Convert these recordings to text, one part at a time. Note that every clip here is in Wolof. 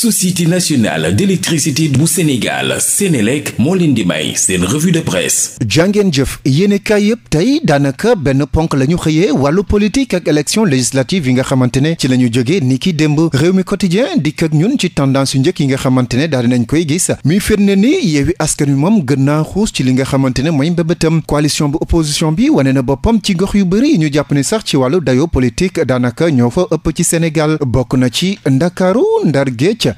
société nationale d'électricité bu Sénégal Sénélec moo leen di may seen revue de presse jàngeen jëf yéenekaay yëpp tey daanaka benn ponk la ñu xëyee wàllu politique ak élection législative yi nga xamante ne ci la ñu jógee ni ki démb réew mi quotidien dikk ak ñun ci tendance yu njëkk yi nga xamante ne daal dinañ koy gis muy na ni Yewwi Askan Wi moom gën naa xuus ci li nga xamante ne mooy mbébétam coalition bu opposition bi wane na boppam ci gox yu bëri ñu jàpp ne sax ci wàllu dayo politique daanaka ñoo fa ëpp ci Sénégal bokk na ci Ndakaaru Ndar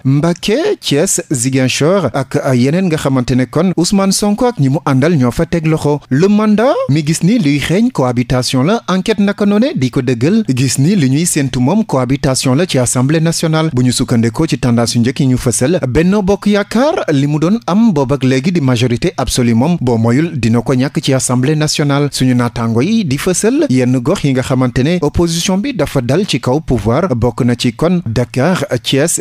Mbacké Thiès Ziguinchor ak yeneen nga xamante ne kon Ousmane Sonko ak ñi mu àndal ñoo fa teg loxo le mandat mi gis ni luy xeeñ cohabitation la enquête naka noone di ko dëggal gis ni li ñuy séentu moom cohabitation la ci assemblée nationale bu ñu sukkandekoo ci tendance yu njëkk yi ñu fësal Benno Bokk Yaakaar li mu doon am boob ak léegi di majorité absolue moom boo moyul dina ko ñàkk ci assemblée nationale suñu naataango yi di fësal yenn gox yi nga xamante ne opposition bi dafa dal ci kaw pouvoir bokk na ci kon Dakar Thiès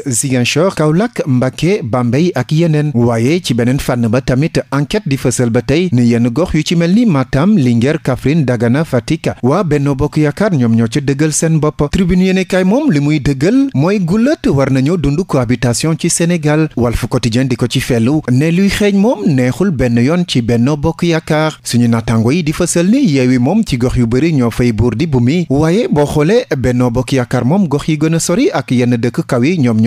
Ziguinchor Kaolack Mbacké Bambey ak yeneen waaye ci beneen fànn ba tamit enquête di fësal ba tey ni yenn gox yu ci mel ni Matam Linguère kafrin Dagana Fatick waa Benno Bokk Yaakaar ñoom ñoo ca dëggal seen bopp tribune yéenekaay moom li muy dëggal mooy gulat war nañoo dund cohabitation ci Sénégal Walf Quotidien di ko ci fellu ne luy xeeñ moom neexul benn yoon ci Benno Bokk Yaakaar suñu naataango yi di fësal ni Yewwi moom ci gox yu bëri ñoo fay buur di bu mi waaye boo xoolee Benno Bokk Yaakaar moom gox yi gën a sori ak yenn dëkk yi ñoom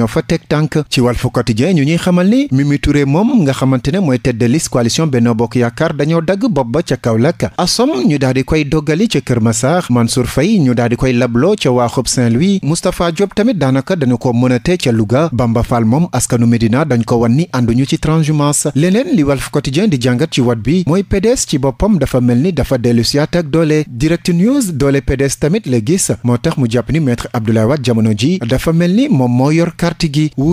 sànq ci Walf Quotidien ñu ñuy xamal ni Mimi Touré moom nga xamante ne mooy tête de liste coalition Benno Bokk Yaakaar dañoo dagg bopp ba ca Kaolack Assom ñu daal di koy doggali ca Kër ma Massar Mansour fay ñu daal di koy labloo ca waa Waaxub Saint-Louis Moustapha Diop tamit daanaka dañu ko mënate ca Louga Bamba Fall moom askanu Médina dañ ko wan ni ànduñu ci transhumance leneen li Walf Quotidien di jàngat ci wat bi mooy PDS ci boppam dafa mel ni dafa dellu siyaat ak doole Direct News doole PDS tamit la gis moo tax mu jàpp ni maître Abdoulaye Wade jamono ji dafa mel ni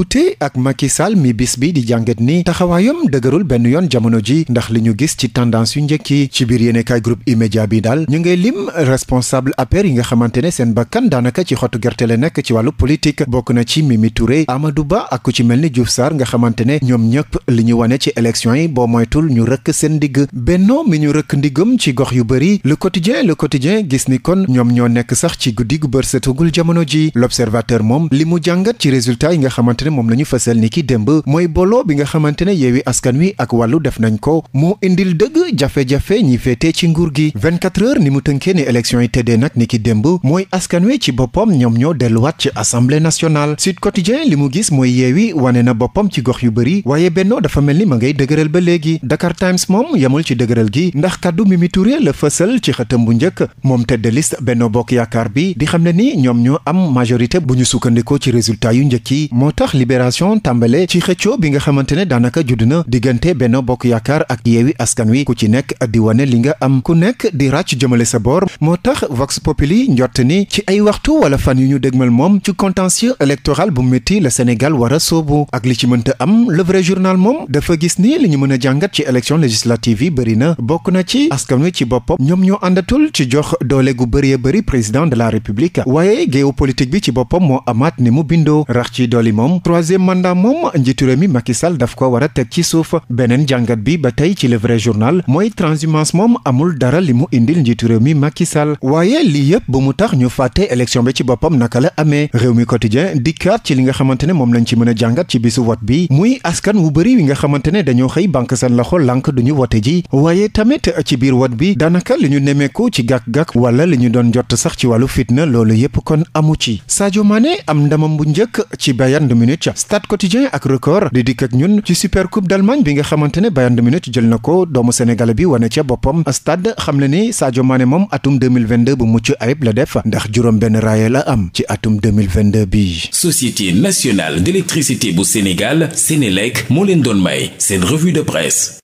wuute ak Macky Sall mi bis bi di jàngat ni taxawaayam dëgërul benn yoon jamono ji ndax li ñu gis ci tendance yu njëkk yi ci biir yéene kaay groupe E-Media bi daal ñu ngay lim responsable APR yi nga xamante ne seen bakkan daanaka ci xottu gerte la nekk ci wàllu politique bokk na ci Mimi Touré amadu Ba ak ku ci mel ni Diouf Sarr nga xamante ne ñoom ñëpp li ñu wane ci élection yi boo moytul ñu rëkk seen ndigg bennoo mi ñu rëkk ndigam ci gox yu bëri le quotidien le quotidien gis ni kon ñoom ñoo nekk sax ci guddi gu bër setugul jamono ji l'observateur moom li mu jàngat ci résultat yi nga xamante xamante ne moom la ñu fësal ni ki démb mooy bolo bi nga xamante ne yeewi askan wi ak wàllu def nañ ko moo indil dëgg jafe-jafe ñi féetee ci nguur gi 24 heures ni mu tënkee ne élection yi tëddee nag ni ki démb mooy askan wi ci boppam ñoom ñoo delluwaat ci assemblée nationale Sud Quotidien li mu gis mooy yeewi wane na boppam ci gox yu bëri waaye bennoo dafa mel ni ma ngay dëgëral ba léegi Dakar Times moom yamul ci dëgëral gi ndax kàddu Mimi Touré la fësal ci xëtam bu njëkk moom tête de liste Benno Bokk Yaakaar bi di xam ne ni ñoom ñoo am majorité bu ñu sukkandikoo ci résultat yu njëkk yi sax libération tàmbale ci xëccoo bi nga xamante ne daanaka judd na diggante benn Bokk Yaakaar ak Yewwi Askan Wi ku ci nekk ak di wane li nga am ku nekk di ràcc jëmale sa bor moo tax Vox Populi njort ni ci ay waxtu wala fan yu ñu dégmal moom ci contentieux électoral bu métti la Sénégal war a soobu ak li ci mënta am le vrai journal moom dafa gis ni li ñu mën a jàngat ci élection législative yi bëri na bokk na ci askan wi ci boppam ñoom ñoo àndatul ci jox doole gu bëree bëri président la république waaye géopolitique bi ci boppam amaat ni mu bindoo rax ci dooli moom troisième mandat moom njiitu réew mi Macky Sall daf ko war a teg ci suuf beneen jàngat bi ba tey ci le vrai journal mooy transhumance moom amul dara li mu indil njiitu réew mi Macky Sall waaye lii yëpp bu mu tax ñu fàtte élection bi ci boppam naka la amee réew mi quotidien dikkaat ci li nga xamante ne moom lañ ci mën a jàngat ci bisu vote bi muy askan wu bëri wi nga xamante ne dañoo xëy banque seen loxo lànk duñu wote ji waaye tamit ci biir vote bi daanaka li ñu nemeeku ci gàk-gàk wala li ñu doon jot sax ci wàllu fitna loolu yëpp kon amu ci Sadio Mané am ndamam bu njëkk ci Bayern Munich Stade Quotidien ak record di dikk ak ñun ci super coupe d'Allemagne bi nga xamante ne Bayern de Munich jël na ko doomu sénégalais bi wane ca boppam Stade xam le ni Sadio Mané moom atum 2022 bu mucc ayib la def ndax juróom benn raaye la am ci atum 2022 bi Société nationale d'électricité bu Sénégal Sénélec moo leen doon may seen revue de presse